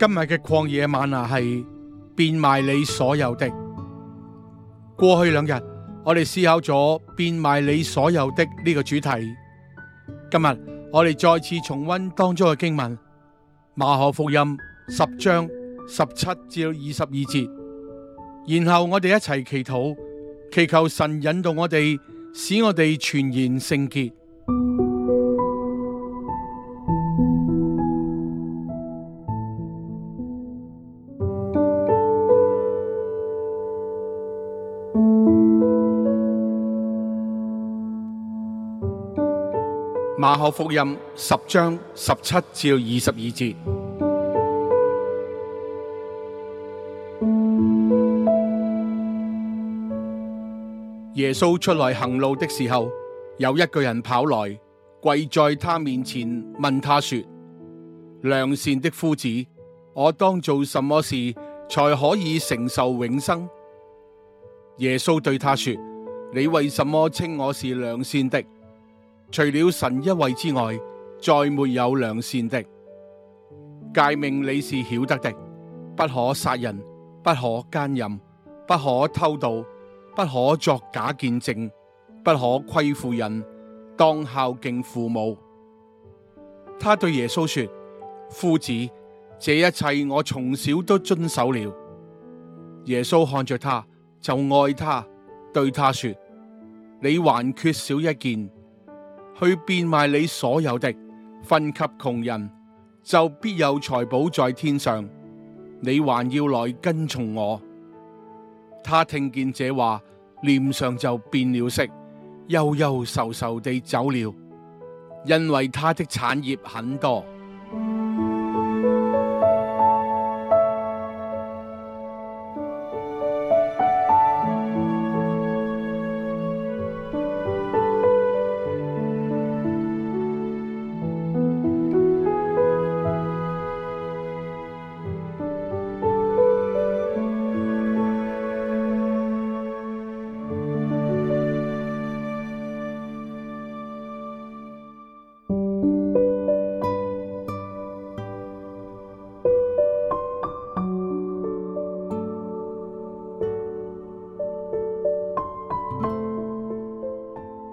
今日嘅曠野嗎哪，係變賣你所有的。過去兩日，我哋思考咗變賣你所有的呢個主題。今日我哋再次重溫當中嘅經文，馬可福音十章十七至二十二節。然後我哋一齊祈禱，祈求神引導我哋，使我哋全然聖潔。馬可福音十章十七至二十二節。耶穌出來行路的時候，有一個人跑來，跪在他面前，問他說：良善的夫子，我當做什麼事才可以承受永生？耶穌對他說：你為什麼稱我是良善的？除了神一位之外，再沒有良善的。誡命你是曉得的，不可殺人，不可奸淫，不可偷盜，不可作假見證，不可虧負人，當孝敬父母。他對耶穌說：夫子，這一切我從小都遵守了。耶穌看着他，就愛他，對他說：你還缺少一件。去變賣你所有的，分給窮人，就必有財寶在天上。你還要來跟從我。他聽見這話，臉上就變了色，憂憂愁愁地走了，因為他的產業很多。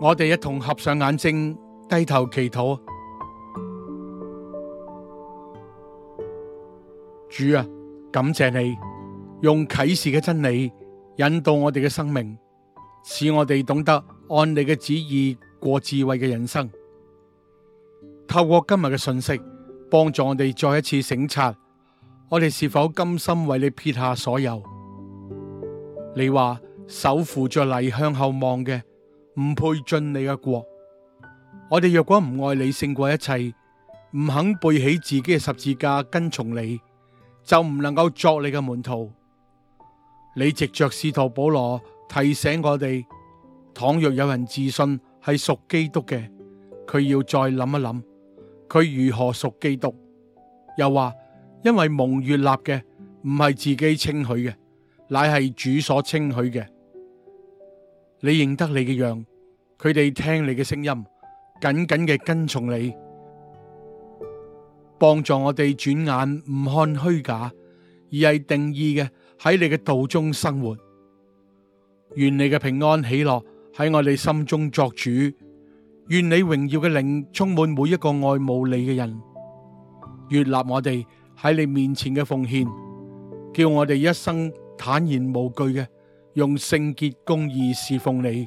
我哋一同合上眼睛，低頭祈禱。主啊，感謝你用啟示嘅真理引導我哋嘅生命，使我哋懂得按你嘅旨意過智慧嘅人生。透過今日嘅信息，幫助我哋再一次省察，我哋是否甘心為你撇下所有。你話手扶着犁向後望嘅，唔配進你嘅國。我哋若果唔愛你勝過一切，唔肯背起自己嘅十字架跟從你，就唔能夠作你嘅門徒。你藉著使徒保羅提醒我哋：倘若有人自信係屬基督嘅，佢要再諗一諗佢如何屬基督。又話因為蒙悅納嘅唔係自己稱許嘅，乃係主所稱許嘅。你認得你嘅樣。佢哋聽你嘅聲音，緊緊嘅跟從你，幫助我哋轉眼唔看虛假，而係定義嘅喺你嘅道中生活。願你嘅平安喜樂喺我哋心中作主。願你榮耀嘅靈充滿每一個愛慕你嘅人，悅納我哋喺你面前嘅奉獻，叫我哋一生坦然無懼嘅用聖潔公義侍奉你。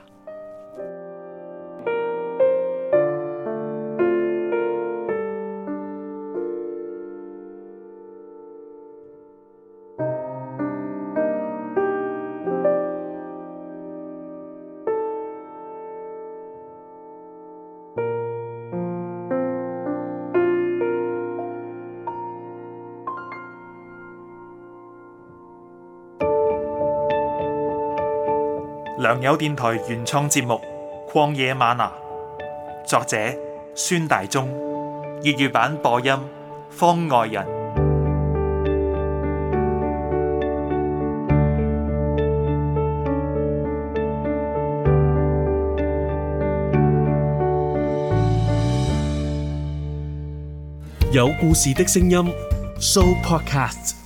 良友電台原創節目《曠野嗎哪》，作者孫大中，粵語版播音方外人，有故事的聲音，Show Podcast。